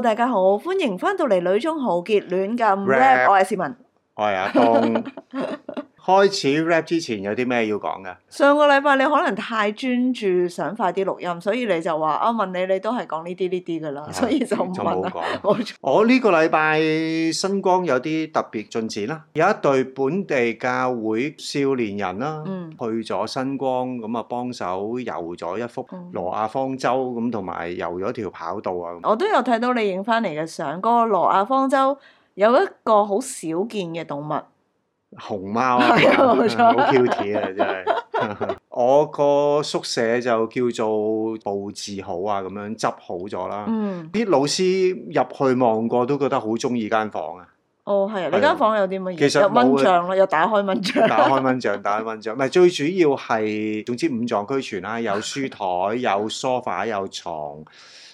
大家好，歡迎翻到嚟《女中豪傑亂咁 Wrap》，我係市民，我係阿東。 開始 rap 之前有啲咩要講㗎？上個禮拜你可能太專注，想快啲錄音，所以你就話：我問你，你都係講呢啲呢啲㗎啦。所以就冇講。我我呢個禮拜新光有啲特別進展啦，有一對本地教會少年人啦，去咗新光咁啊，幫手遊咗一幅羅亞方舟咁，同埋遊咗條跑道啊。我都有睇到你影翻嚟嘅相，嗰個羅亞方舟有一個好少見嘅動物。熊貓、啊，冇錯，好 cute 啊！真係， 我個宿舍就叫做布置好啊，咁樣執好咗啦。嗯，啲老師入去望過都覺得好中意間房啊。哦，係啊，啊你間房間有啲乜嘢？其實有有蚊帳咯，有打開蚊帳， 打開蚊帳，打開蚊帳，唔係最主要係，總之五臟俱全啦，有書台，有 sofa，有，有床，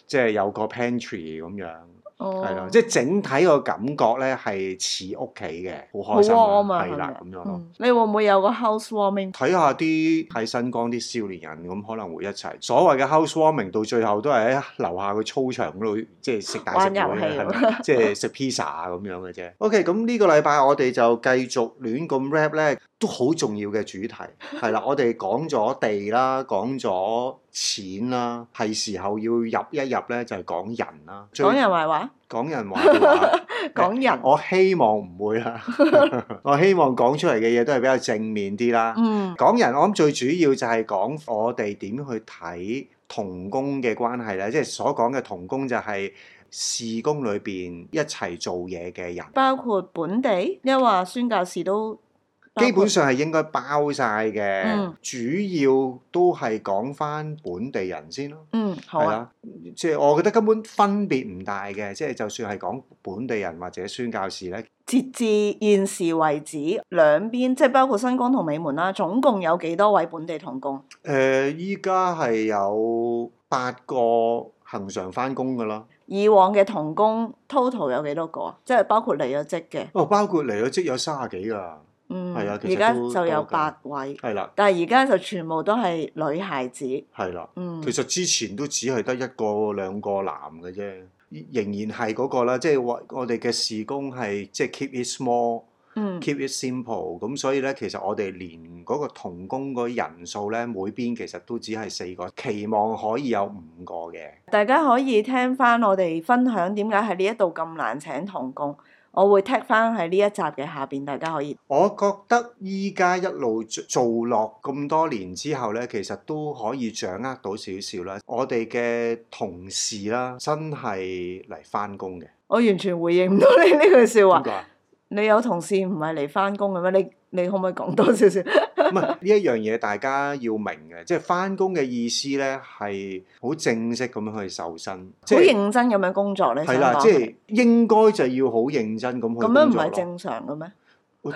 即係、就是、有個 pantry 咁樣。係咯、oh，即係整體個感覺咧，係似屋企嘅，好開心，啊，係啦咁樣咯，嗯。你會唔會有個 housewarming？睇下啲喺新光啲少年人咁可能會一齊。所謂嘅 housewarming，到最後都係喺樓下個操場嗰度，即係食大食會，係咪？即係食 pizza 咁樣嘅啫。OK，咁呢個禮拜我哋就繼續亂咁 rap 咧，都好重要嘅主題，係啦，我哋講咗地啦，講咗錢啦，係時候要入一入咧，就係、是、講人啦。講人壞話？講人壞話？ 講人？我希望唔會啦。 我希望講出嚟嘅嘢都係比較正面啲啦。嗯。講人，我諗最主要就係講我哋點去睇同工嘅關係咧，即、就、係、是、所講嘅同工就係事工裏邊一齊做嘢嘅人，包括本地，因為宣教士都。基本上係應該包晒嘅，嗯、主要都係講翻本地人先咯、啊。嗯，係啦、啊，即係、啊就是、我覺得根本分別唔大嘅，即、就、係、是、就算係講本地人或者宣教士咧。截至現時為止，兩邊即係包括新光同美門啦，總共有幾多位本地同工？誒、呃，依家係有八個恒常翻工嘅啦。以往嘅同工 total 有幾多個啊？即係包括離咗職嘅。哦，包括離咗職有三十幾個。嗯，而家就有八位，係啦的，但係而家就全部都係女孩子。係啦的，嗯，其實之前都只係得一個兩個男嘅啫，仍然係嗰、那個啦，即、就、係、是、我我哋嘅事工係即係 keep it small，嗯，keep it simple，咁所以咧，其實我哋連嗰個同工個人數咧，每邊其實都只係四個，期望可以有五個嘅。大家可以聽翻我哋分享點解喺呢一度咁難請同工。我會 tag 翻喺呢一集嘅下面，大家可以。我覺得依家一路做落咁多年之後呢，其實都可以掌握到少少啦。我哋嘅同事啦，真係嚟翻工嘅。我完全回應唔到你呢句笑話。你有同事唔係嚟翻工嘅咩？你？你可唔可以講多少少？唔係呢一樣嘢，大家要明嘅，即係返工嘅意思咧，係好正式咁樣去受薪，即係好認真咁樣工作咧。係啦，即係應該就要好認真咁去工作咯。咁樣唔係正常嘅咩？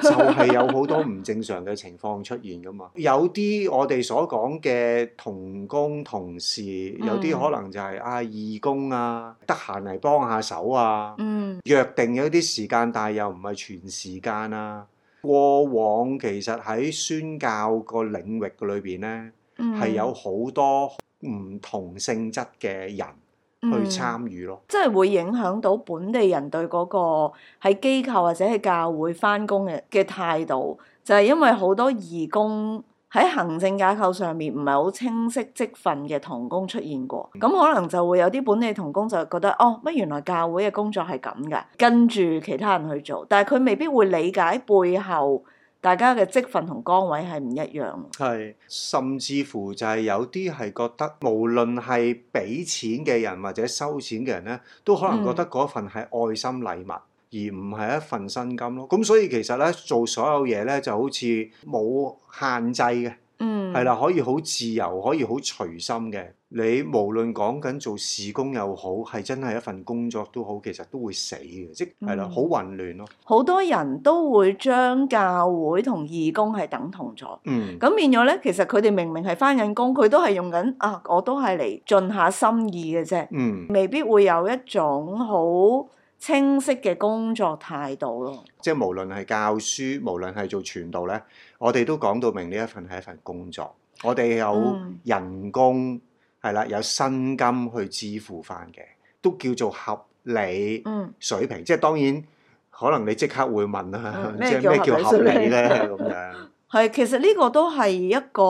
就係有好多唔正常嘅情況出現噶嘛。有啲我哋所講嘅同工同事，有啲可能就係啊義工啊，得閒嚟幫下手啊。嗯，約定咗啲時間，但係又唔係全時間啊。過往其實喺宣教個領域嘅裏邊咧，係、嗯、有好多唔同性質嘅人去參與咯，嗯、即係會影響到本地人對嗰個喺機構或者係教會翻工嘅嘅態度，就係、是、因為好多義工。喺行政架構上面唔係好清晰職份嘅同工出現過，咁可能就會有啲本地同工就覺得，哦，乜原來教會嘅工作係咁嘅，跟住其他人去做，但係佢未必會理解背後大家嘅職份同崗位係唔一樣。係，甚至乎就係有啲係覺得，無論係俾錢嘅人或者收錢嘅人呢都可能覺得嗰份係愛心禮物。而唔係一份薪金咯，咁所以其實咧做所有嘢咧就好似冇限制嘅，嗯，係啦，可以好自由，可以好隨心嘅。你無論講緊做事工又好，係真係一份工作都好，其實都會死嘅，即係啦，好混亂咯。好多人都會將教會同義工係等同咗，嗯，咁變咗咧，其實佢哋明明係返緊工，佢都係用緊啊，我都係嚟盡下心意嘅啫，嗯，未必會有一種好。清晰嘅工作態度咯，即係無論係教書，無論係做傳道咧，我哋都講到明呢一份係一份工作，我哋有人工係啦，嗯，有薪金去支付翻嘅，都叫做合理水平。嗯、即係當然，可能你即刻會問啊，即係咩叫合理咧咁樣？ 係，其實呢個都係一個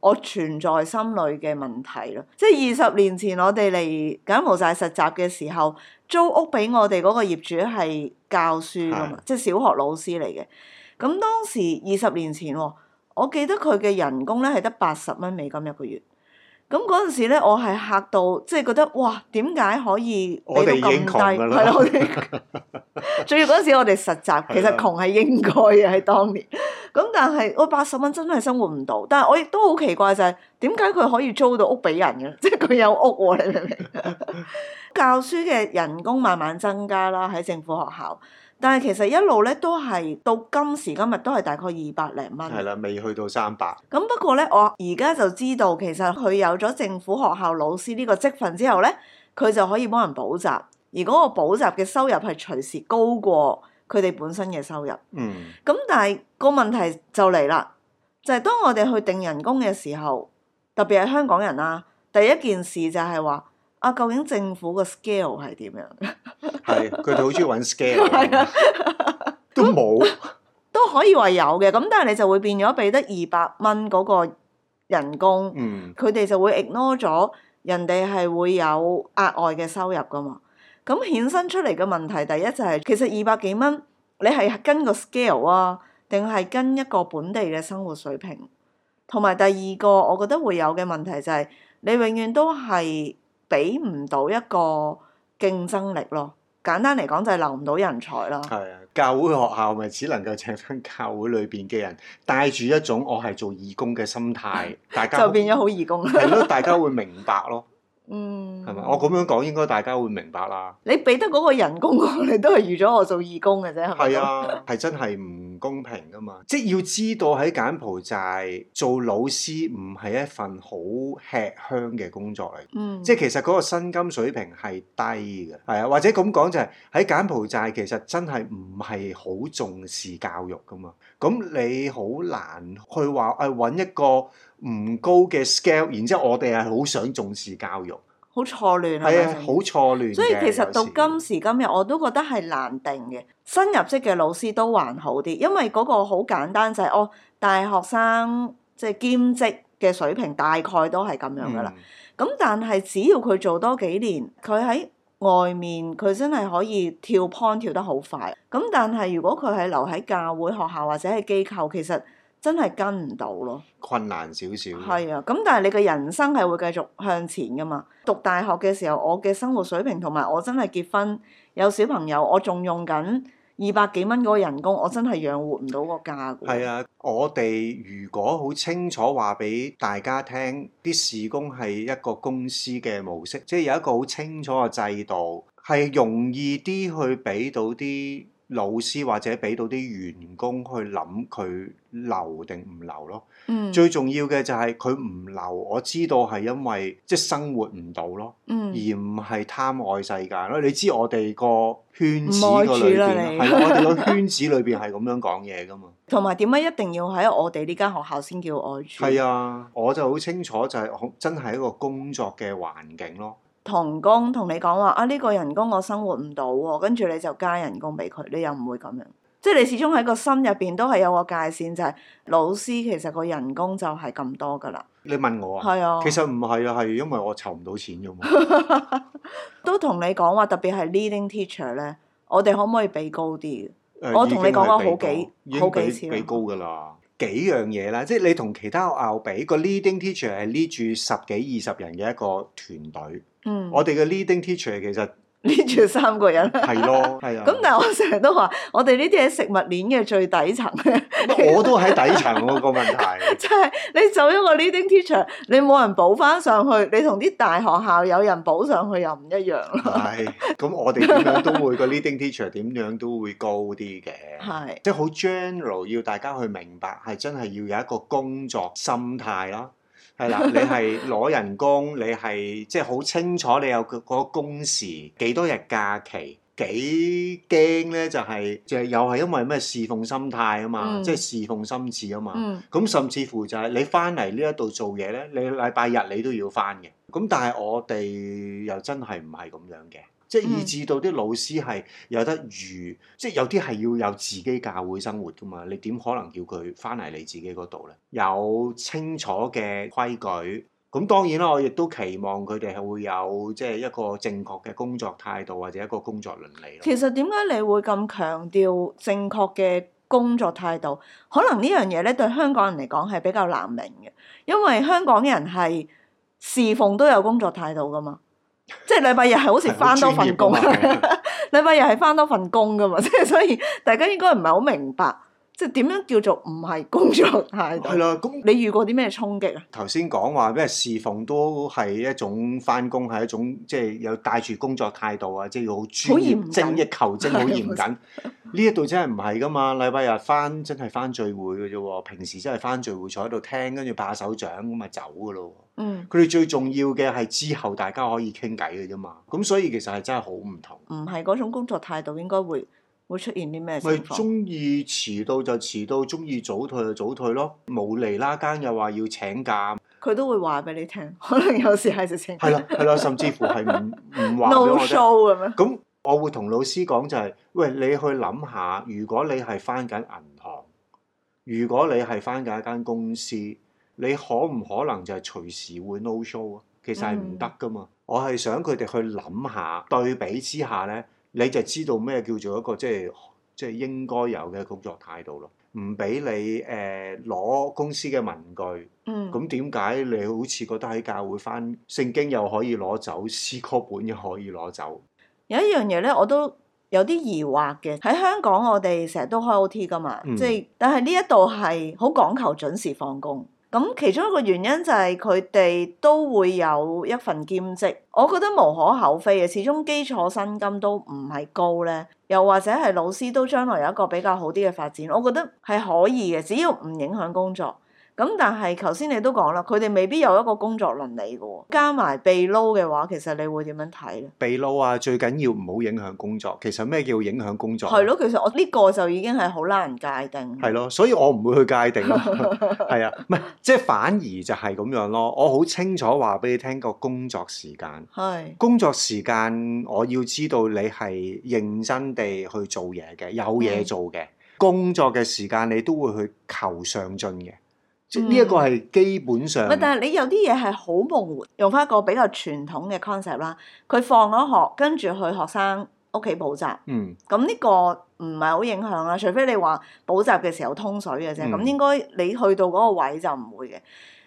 我存在心裏嘅問題咯。即係二十年前我哋嚟柬埔寨實習嘅時候，租屋俾我哋嗰個業主係教書噶嘛，的即係小學老師嚟嘅。咁當時二十年前，我記得佢嘅人工咧係得八十蚊美金一個月。咁嗰陣時咧，我係嚇到，即係覺得哇，點解可以俾到咁低？係咯，我哋。仲要嗰陣時，我哋實習，其實窮係應該嘅喺的當年。咁但係我八十蚊真係生活唔到，但係我亦都好奇怪就係點解佢可以租到屋俾人嘅？即係佢有屋，啊，你明唔明？ 教書嘅人工慢慢增加啦，喺政府學校。但係其實一路咧都係到今時今日都係大概二百零蚊，係啦，未去到三百。咁不過咧，我而家就知道其實佢有咗政府學校老師呢個積分之後咧，佢就可以幫人補習。而嗰個補習嘅收入係隨時高過佢哋本身嘅收入。嗯。咁但係個問題就嚟啦，就係當我哋去定人工嘅時候，特別係香港人啊，第一件事就係話。啊，究竟政府個 scale 係點樣？係， 佢哋好中意揾 scale 嘅 有。都冇，都可以話有嘅。咁但係你就會變咗俾得二百蚊嗰個人工，佢哋、嗯、就會 ignore 咗人哋係會有額外嘅收入噶嘛？咁衍生出嚟嘅問題，第一就係、是、其實二百幾蚊，你係跟個 scale 啊，定係跟一個本地嘅生活水平？同埋第二個，我覺得會有嘅問題就係、是、你永遠都係。俾唔到一個競爭力咯，簡單嚟講就係留唔到人才咯。係啊，教會學校咪只能夠請翻教會裏邊嘅人，帶住一種我係做義工嘅心態， 大家 就變咗好義工。係咯，大家會明白咯。嗯，係咪？我咁樣講應該大家會明白啦。你俾得嗰個人工，你都係預咗我做義工嘅啫，係咪？係啊，係 真係唔公平噶嘛！即係要知道喺柬埔寨做老師唔係一份好吃香嘅工作嚟，嗯，即係其實嗰個薪金水平係低嘅，係啊，或者咁講就係、是、喺柬埔寨其實真係唔係好重視教育噶嘛。咁你好難去話誒揾一個。唔高嘅 scale，然之後我哋係好想重視教育，好錯亂係啊，好錯亂。所以其實到今時今日，我都覺得係難定嘅。新入職嘅老師都還好啲，因為嗰個好簡單就係，哦，大學生即係兼職嘅水平，大概都係咁樣噶啦。咁、嗯、但係只要佢做多幾年，佢喺外面佢真係可以跳 point 跳得好快。咁但係如果佢係留喺教會、學校或者係機構，其實。真係跟唔到咯，困難少少。係啊，咁但係你嘅人生係會繼續向前噶嘛？讀大學嘅時候，我嘅生活水平同埋我真係結婚有小朋友，我仲用緊二百幾蚊個人工，我真係養活唔到個家。係啊，我哋如果好清楚話俾大家聽，啲時工係一個公司嘅模式，即係有一個好清楚嘅制度，係容易啲去俾到啲。老師或者俾到啲員工去諗佢留定唔留咯。嗯、最重要嘅就係佢唔留，我知道係因為即係、就是、生活唔到咯，嗯、而唔係貪愛世界咯。你知我哋個圈子個裏邊，係、 啊、我哋個圈子裏邊係咁樣講嘢噶嘛。同埋點解一定要喺我哋呢間學校先叫愛住？係啊，我就好清楚就係、是、真係一個工作嘅環境咯。同工同你講話啊，呢個人工我生活唔到喎，跟住你就加人工俾佢，你又唔會咁樣，即係你始終喺個心入邊都係有個界線，就係老師其實個人工就係咁多噶啦。你問我啊，係啊，其實唔係啊，係因為我籌唔到錢啫嘛。 都同你講話，特別係 leading teacher 咧，我哋可唔可以俾高啲？呃、我同你講過好幾好幾次俾高噶啦。幾樣嘢啦，即係你同其他學校比，個 leading teacher 係 lead 住十幾二十人嘅一個團隊。嗯，我哋嘅 leading teacher 其實 lead 住三個人。係 咯，係啊。咁但係我成日都話，我哋呢啲係食物鏈嘅最底層。 我都喺底層嗰個問題。即係 你做一個 leading teacher，你冇人補翻上去，你同啲大學校有人補上去又唔一樣。 係，咁我哋點樣都會個 leading teacher 點樣都會高啲嘅。係是，即係好 general 要大家去明白，係真係要有一個工作心態啦。係啦，你係攞人工，你係即係好清楚你有個嗰個工時、幾多日假期。幾驚咧？就係、是、就係又係因為咩侍奉心態啊嘛，即係侍奉心志啊嘛。咁、嗯、甚至乎就係你翻嚟呢一度做嘢咧，你禮拜日你都要翻嘅。咁但係我哋又真係唔係咁樣嘅，即、就、係、是、以至到啲老師係有得住，即係、嗯、有啲係要有自己教會生活噶嘛。你點可能叫佢翻嚟你自己嗰度咧？有清楚嘅規矩。咁當然啦，我亦都期望佢哋係會有即係一個正確嘅工作態度，或者一個工作倫理。其實點解你會咁強調正確嘅工作態度？可能呢樣嘢咧對香港人嚟講係比較難明嘅，因為香港人係侍奉都有工作態度㗎嘛，即係禮拜日係好似返多份工， 禮拜日係返多份工㗎嘛，即係所以大家應該唔係好明白。即係點樣叫做唔係工，工作態度？係啦，咁你遇過啲咩衝擊啊？頭先講話咩侍奉都係一種翻工，係一種即係有帶住工作態度啊！即係要好專業、精益求精、好嚴謹。呢一度真係唔係噶嘛？禮拜日翻真係翻聚會嘅啫喎，平時真係翻聚會坐喺度聽，跟住拍手掌咁咪走噶咯。嗯，佢哋最重要嘅係之後大家可以傾偈嘅啫嘛。咁所以其實係真係好唔同。唔係嗰種工作態度，應該會。會出現啲咩事？咪中意遲到就遲到，中意早退就早退咯。無厘啦，間又話要請假，佢都會話俾你聽。可能有時係就請假，係啦係啦，甚至乎係唔唔話俾我 no show 咁樣。咁我會同老師講就係、是，喂，你去諗下，如果你係翻緊銀行，如果你係翻緊一間公司，你可唔可能就係隨時會 no show 啊？其實係唔得噶嘛。嗯、我係想佢哋去諗下對比之下咧。你就知道咩叫做一個即係即係應該有嘅工作態度咯，唔俾你誒攞、呃、公司嘅文具，咁點解你好似覺得喺教會翻聖經又可以攞走，詩歌本又可以攞走？有一樣嘢咧，我都有啲疑惑嘅。喺香港，我哋成日都開 OT 㗎嘛，即係、嗯就是，但係呢一度係好講求準時放工。咁其中一個原因就係佢哋都會有一份兼職，我覺得無可厚非嘅。始終基礎薪金都唔係高呢，又或者係老師都將來有一個比較好啲嘅發展，我覺得係可以嘅，只要唔影響工作。咁但係，頭先你都講啦，佢哋未必有一個工作倫理嘅喎。加埋被撈嘅話，其實你會點樣睇咧？被撈啊，最緊要唔好影響工作。其實咩叫影響工作？係咯，其實我呢個就已經係好難界定。係咯，所以我唔會去界定。係啊，唔係即係反而就係咁樣咯。我好清楚話俾你聽個工作時間。係工作時間，我要知道你係認真地去做嘢嘅，有嘢做嘅工作嘅時間，你都會去求上進嘅。呢一個係基本上、嗯，但係你有啲嘢係好模糊。用返一個比較傳統嘅 concept 啦，佢放咗學，跟住去學生屋企補習。嗯，咁呢個唔係好影響啊。除非你話補習嘅時候通水嘅啫，咁、嗯、應該你去到嗰個位就唔會嘅。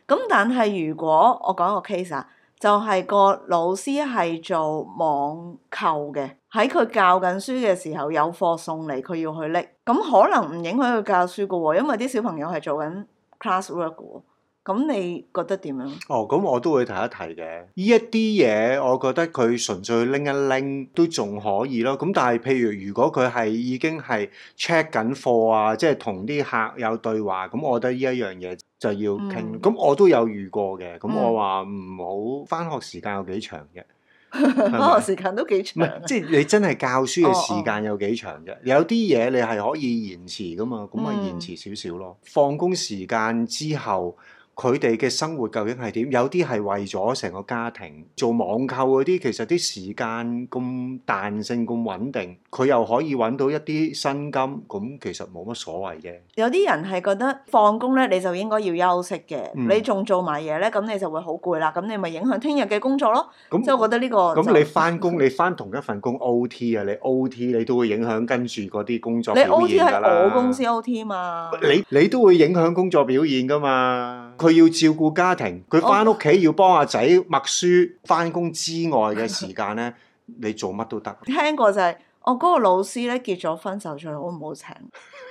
咁但係如果我講一個 case 啊，就係個老師係做網購嘅，喺佢教緊書嘅時候有貨送嚟，佢要去拎。咁可能唔影響佢教書㗎喎，因為啲小朋友係做緊 classwork 咁你覺得點樣？哦，咁我都會提一提嘅。呢一啲嘢，我覺得佢純粹拎一拎都仲可以咯。咁但係譬如如果佢係已經係 check 緊貨啊，即係同啲客有對話，咁我覺得呢一樣嘢就要傾。咁、嗯、我都有遇過嘅。咁我話唔好翻學時間有幾長嘅。教 學時間都幾長、啊，即係你真係教書嘅時間有幾長嘅、啊？Oh, oh. 有啲嘢你係可以延遲噶嘛？咁咪延遲少少咯。放工、嗯、時間之後，佢哋嘅生活究竟係點？有啲係為咗成個家庭做網購嗰啲，其實啲時間咁彈性咁穩定。佢又可以揾到一啲薪金，咁其實冇乜所謂嘅。有啲人係覺得放工咧，你就應該要休息嘅。你仲做埋嘢咧，咁你就會好攰啦。咁你咪影響聽日嘅工作咯。即係我覺得呢個咁你返工，你返同一份工 OT 啊，你 OT 你都會影響跟住嗰啲工作。你 OT 係我公司 OT 啊嘛？你你都會影響工作表現㗎嘛？佢要照顧家庭，佢返屋企要幫阿仔默書。返工之外嘅時間咧，你做乜都得。聽過就係。我嗰個老師咧結咗婚就最好唔好請。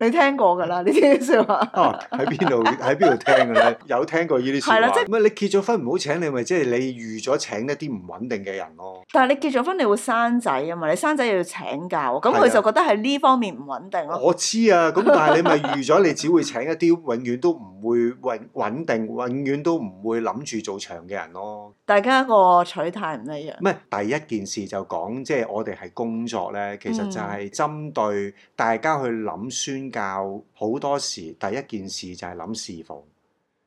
你聽過噶啦呢啲笑話，啊，喺邊度喺邊度聽噶咧？有聽過呢啲笑話係啦，即係唔係你結咗婚唔好請你咪即係你預咗請一啲唔穩定嘅人咯？但係你結咗婚你會生仔啊嘛，你生仔又要請假，咁佢就覺得喺呢方面唔穩定咯。我知啊，咁但係你咪預咗，你只會請一啲永遠都唔會穩穩定，永遠都唔會諗住做長嘅人咯。大家個取態唔一樣。唔係第一件事就講即係我哋係工作咧，其實就係針對大家去。諗宣教好多時，第一件事就係諗侍奉。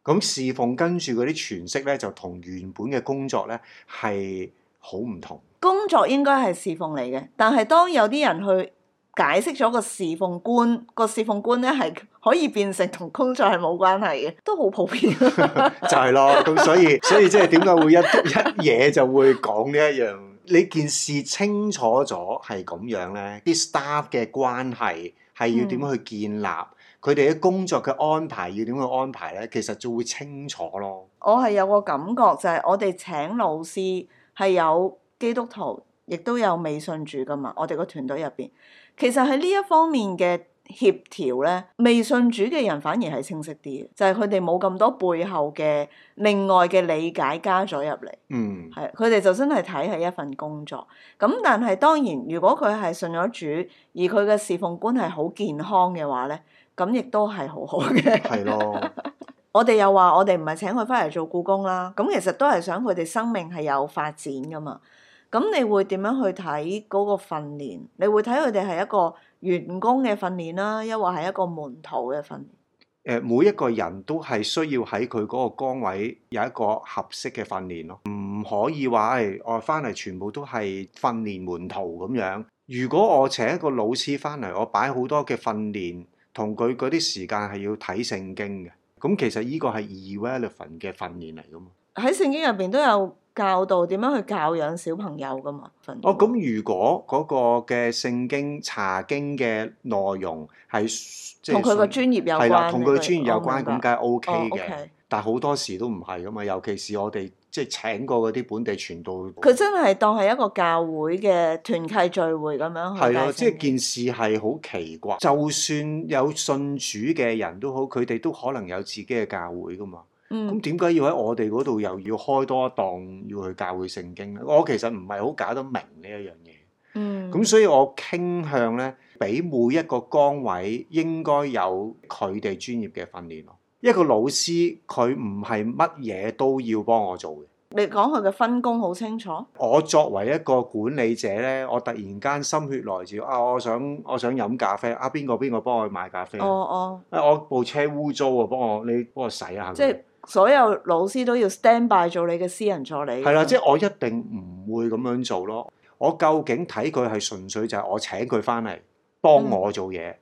咁侍奉跟住嗰啲詮釋咧，就同原本嘅工作咧係好唔同。工作應該係侍奉嚟嘅，但係當有啲人去解釋咗個侍奉觀，個侍奉觀咧係可以變成同工作係冇關係嘅，都好普遍。 就係咯，咁所以所以即係點解會一 一嘢就會講呢一樣？你件事清楚咗係咁樣咧，啲 staff 嘅關係。係要點樣去建立佢哋嘅工作嘅安排？要點樣去安排咧？其實就會清楚咯。我係有個感覺就係、是，我哋請老師係有基督徒，亦都有未信主噶嘛。我哋個團隊入邊，其實喺呢一方面嘅。協調咧，未信主嘅人反而係清晰啲，就係佢哋冇咁多背後嘅另外嘅理解加咗入嚟。嗯，係佢哋就真係睇係一份工作。咁但係當然，如果佢係信咗主，而佢嘅侍奉觀係好健康嘅話咧，咁亦都係好好嘅。係咯的， 我哋又話我哋唔係請佢翻嚟做僱工啦。咁其實都係想佢哋生命係有發展噶嘛。咁你會點樣去睇嗰個訓練？你會睇佢哋係一個員工嘅訓練啦，抑或係一個門徒嘅訓練？誒，每一個人都係需要喺佢嗰個崗位有一個合適嘅訓練咯，唔可以話係、哎、我翻嚟全部都係訓練門徒咁樣。如果我請一個老師翻嚟，我擺好多嘅訓練同佢嗰啲時間係要睇聖經嘅，咁其實呢個係、e、relevant 嘅訓練嚟噶嘛。喺聖經入邊都有。教導點樣去教養小朋友噶嘛？哦，咁如果嗰個嘅聖經查經嘅內容係即係同佢個專業有關，係啦，同佢專業有關，咁梗係 OK 嘅。哦、okay 但係好多時都唔係噶嘛，尤其是我哋即係請過嗰啲本地傳道，佢真係當係一個教會嘅團契聚會咁樣。係啊，即係件事係好奇怪。就算有信主嘅人都好，佢哋都可能有自己嘅教會噶嘛。咁點解要喺我哋嗰度又要開多一檔要去教佢聖經咧？我其實唔係好搞得明呢一樣嘢。嗯，咁所以我傾向咧，俾每一個崗位應該有佢哋專業嘅訓練咯。一個老師佢唔係乜嘢都要幫我做嘅。你講佢嘅分工好清楚。我作為一個管理者咧，我突然間心血來潮啊，我想我想飲咖啡啊，邊個邊個幫我去買咖啡？哦哦。誒，我部車污糟啊，幫我你幫我洗下。即係。所有老師都要 stand by 做你嘅私人助理。係啦，即係我一定唔會咁樣做咯。我究竟睇佢係純粹就係我請佢翻嚟幫我做嘢，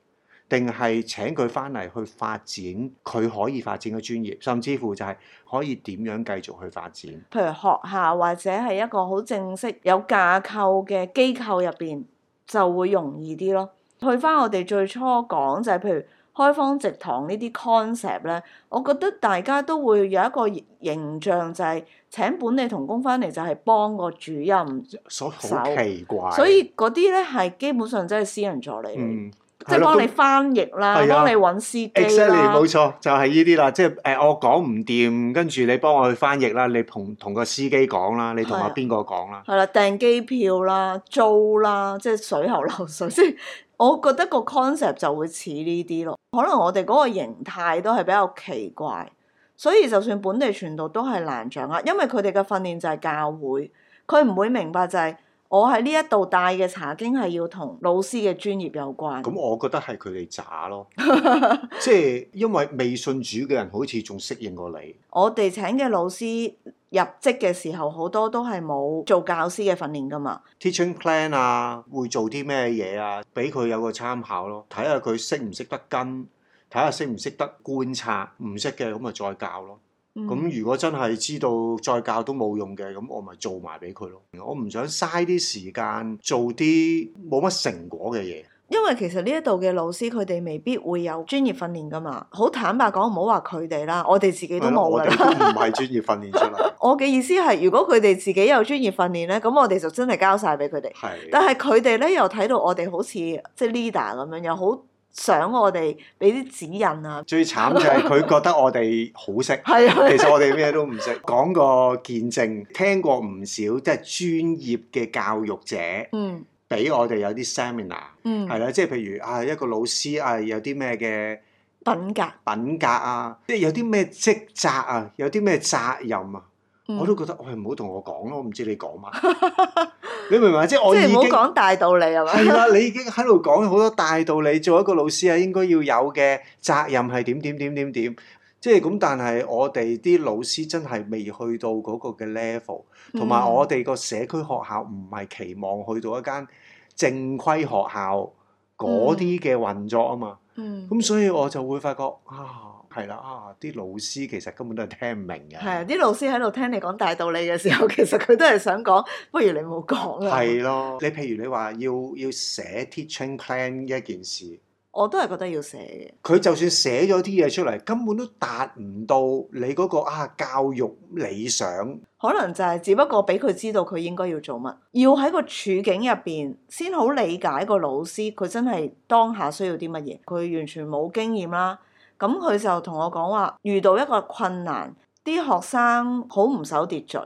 定係、嗯、請佢翻嚟去發展佢可以發展嘅專業，甚至乎就係可以點樣繼續去發展。譬如學校或者係一個好正式有架構嘅機構入邊，就會容易啲咯。去翻我哋最初講就係譬如。開荒植堂呢啲 concept 咧，我覺得大家都會有一個形象，就係、是、請本地同工翻嚟就係幫個主任手，好奇怪，所以嗰啲咧係基本上真係私人助理，即係幫、呃、你翻譯啦，幫你揾司機啦。Exactly，冇錯，就係呢啲啦，即係誒我講唔掂，跟住你幫我去翻譯啦，你同同個司機講啦，你同阿邊個講啦。係啦、啊，訂機、啊、票啦，租啦，即係水喉漏水先。 我覺得個 concept 就會似呢啲咯，可能我哋嗰個形態都係比較奇怪，所以就算本地傳道都係難掌握，因為佢哋嘅訓練就係教會，佢唔會明白就係、是。我喺呢一度帶嘅查經係要同老師嘅專業有關。咁、嗯、我覺得係佢哋渣咯， 即係因為未信主嘅人好似仲適應過你。我哋請嘅老師入職嘅時候，好多都係冇做教師嘅訓練噶嘛。Teaching plan 啊，會做啲咩嘢啊，俾佢有個參考咯。睇下佢識唔識得跟，睇下識唔識得觀察，唔識嘅咁咪再教咯。咁、嗯、如果真係知道再教都冇用嘅，咁我咪做埋俾佢咯。我唔想嘥啲時間做啲冇乜成果嘅嘢。因為其實呢一度嘅老師佢哋未必會有專業訓練噶嘛。好坦白講，唔好話佢哋啦，我哋自己都冇啦。唔係專業訓練出嚟。 我嘅意思係，如果佢哋自己有專業訓練咧，咁我哋就真係交晒俾佢哋。係的。但係佢哋咧又睇到我哋好似即係 leader 咁樣，又好。想我哋俾啲指引啊！最慘就係佢覺得我哋好識， 其實我哋咩都唔識。 講個見證，聽過唔少即係、就是、專業嘅教育者，嗯，俾我哋有啲 seminar，嗯，係啦，即係譬如啊一個老師啊有啲咩嘅品格、嗯、品格啊，即係有啲咩職責啊，有啲咩責任啊。嗯、我都覺得，我唔好同我講咯，我唔知你講乜。 你明唔明啊？即係我已經唔好講大道理係嘛？係啦， 你已經喺度講好多大道理，做一個老師啊，應該要有嘅責任係點點點點點。即係咁，但係我哋啲老師真係未去到嗰個嘅 level，同埋我哋個社區學校唔係期望去到一間正規學校嗰啲嘅運作啊嘛嗯。嗯。咁所以我就會發覺啊～係啦，啊！啲老師其實根本都係聽唔明嘅。係啊，啲老師喺度聽你講大道理嘅時候，其實佢都係想講，不如你冇講啦。係咯，你譬如你話要要寫 teaching plan 一件事，我都係覺得要寫嘅。佢就算寫咗啲嘢出嚟，根本都達唔到你嗰個啊教育理想。可能就係只不過俾佢知道佢應該要做乜，要喺個處境入邊先好理解個老師，佢真係當下需要啲乜嘢，佢完全冇經驗啦。咁佢就同我講話，遇到一個困難，啲學生好唔守秩序，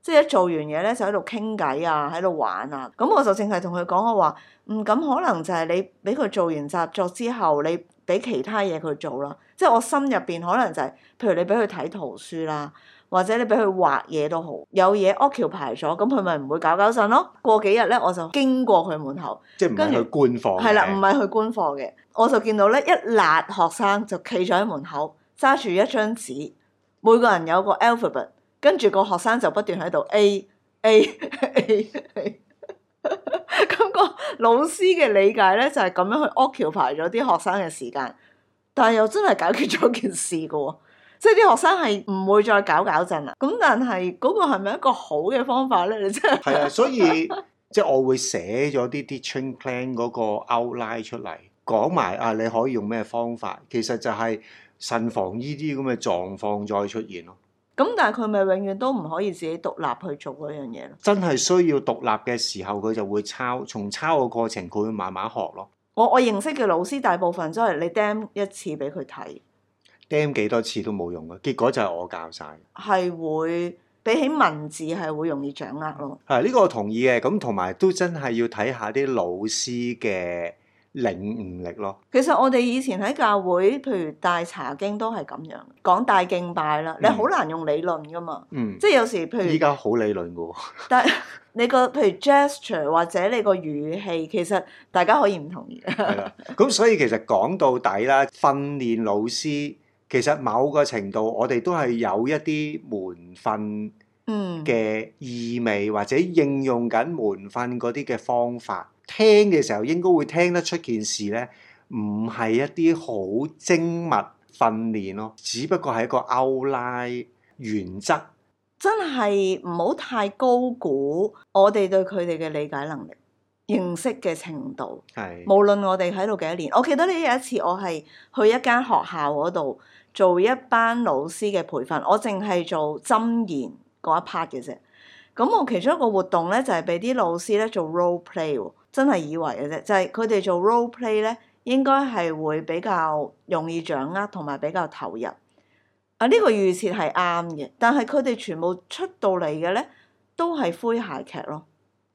即係一做完嘢咧就喺度傾偈啊，喺度玩啊。咁我就淨係同佢講我話，唔、嗯、咁可能就係你俾佢做完習作之後，你俾其他嘢佢做啦。即係我心入邊可能就係、是，譬如你俾佢睇圖書啦。或者你俾佢畫嘢都好，有嘢 occupy 咗，咁佢咪唔會搞搞震咯？過幾日咧，我就經過佢門口，即係唔係去觀課？係啦，唔係去觀課嘅，我就見到咧一辣學生就企咗喺門口，揸住一張紙，每個人有個 alphabet，跟住個學生就不斷喺度 A A A，咁 個老師嘅理解咧就係、是、咁樣去 occupy 咗啲學生嘅時間，但係又真係解決咗件事嘅喎。即係啲學生係唔會再搞搞震啦。咁但係嗰個係咪一個好嘅方法咧？你真係係 啊，所以即係我會寫咗啲啲 training plan 嗰個 outline 出嚟，講埋啊你可以用咩方法。其實就係慎防呢啲咁嘅狀況再出現咯。咁但係佢咪永遠都唔可以自己獨立去做嗰樣嘢咯？真係需要獨立嘅時候，佢就會抄。從抄嘅過程，佢會慢慢學咯。我我認識嘅老師大部分都係你 demo 一次俾佢睇。demo 幾多次都冇用咯，結果就係我教晒。係會比起文字係會容易掌握咯。係呢、啊呢個我同意嘅，咁同埋都真係要睇下啲老師嘅領悟力咯。其實我哋以前喺教會，譬如帶查經都係咁樣講大敬拜啦，你好難用理論㗎嘛，嗯。嗯。即係有時譬如依家好理論嘅喎。 但係你個譬如 gesture 或者你個語氣，其實大家可以唔同意。係 咁所以其實講到底啦，訓練老師。其實某個程度，我哋都係有一啲門訓嘅意味，嗯、或者應用緊門訓嗰啲嘅方法。聽嘅時候應該會聽得出件事咧，唔係一啲好精密訓練咯，只不過係一個 outline 原則。真係唔好太高估我哋對佢哋嘅理解能力、認識嘅程度。係是，無論我哋喺度幾多年，我記得你有一次我係去一間學校嗰度。做一班老師嘅培訓，我淨係做針研嗰一 part 嘅啫。咁我其中一個活動咧，就係俾啲老師咧做 role play，真係以為嘅啫。就係佢哋做 role play 咧，應該係會比較容易掌握同埋比較投入。啊，呢個預設係啱嘅，但係佢哋全部出到嚟嘅咧，都係詼諧劇咯，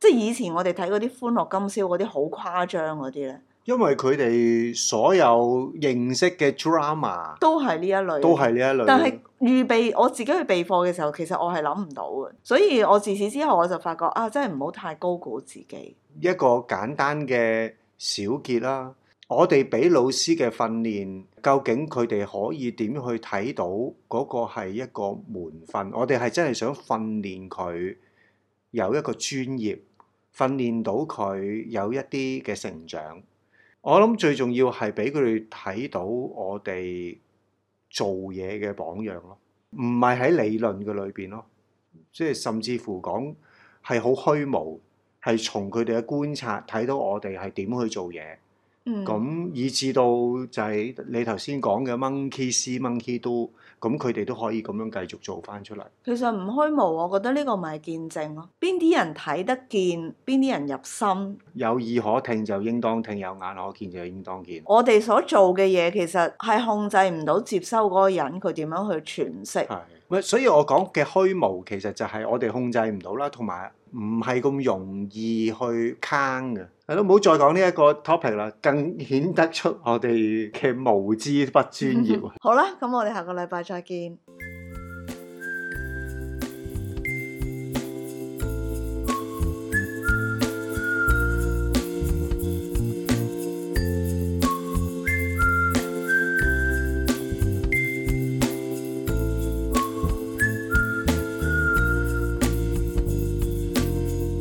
即係以前我哋睇嗰啲《歡樂今宵》嗰啲好誇張嗰啲咧。因為佢哋所有認識嘅 drama 都係呢一類，都係呢一類。但係預備我自己去備課嘅時候，其實我係諗唔到嘅，所以我自此之後我就發覺啊，真係唔好太高估自己。一個簡單嘅小結啦、啊，我哋俾老師嘅訓練，究竟佢哋可以點去睇到嗰個係一個門訓？我哋係真係想訓練佢有一個專業，訓練到佢有一啲嘅成長。我諗最重要係俾佢哋睇到我哋做嘢嘅榜樣咯，唔係喺理論嘅裏邊咯，即係甚至乎講係好虛無，係從佢哋嘅觀察睇到我哋係點去做嘢，咁、嗯、以至到就係你頭先講嘅 monkey see、monkey do。咁佢哋都可以咁樣繼續做翻出嚟。其實唔虛無，我覺得呢個咪係見證咯。邊啲人睇得見，邊啲人入心。有耳可聽就應當聽，有眼可見就應當見。我哋所做嘅嘢其實係控制唔到接收嗰個人佢點樣去詮釋。係。所以我講嘅虛無其實就係我哋控制唔到啦，同埋。唔係咁容易去坑㗎，係咯，唔好再講呢一個 topic 啦，更顯得出我哋嘅無知不專業 好啦，咁我哋下個禮拜再見。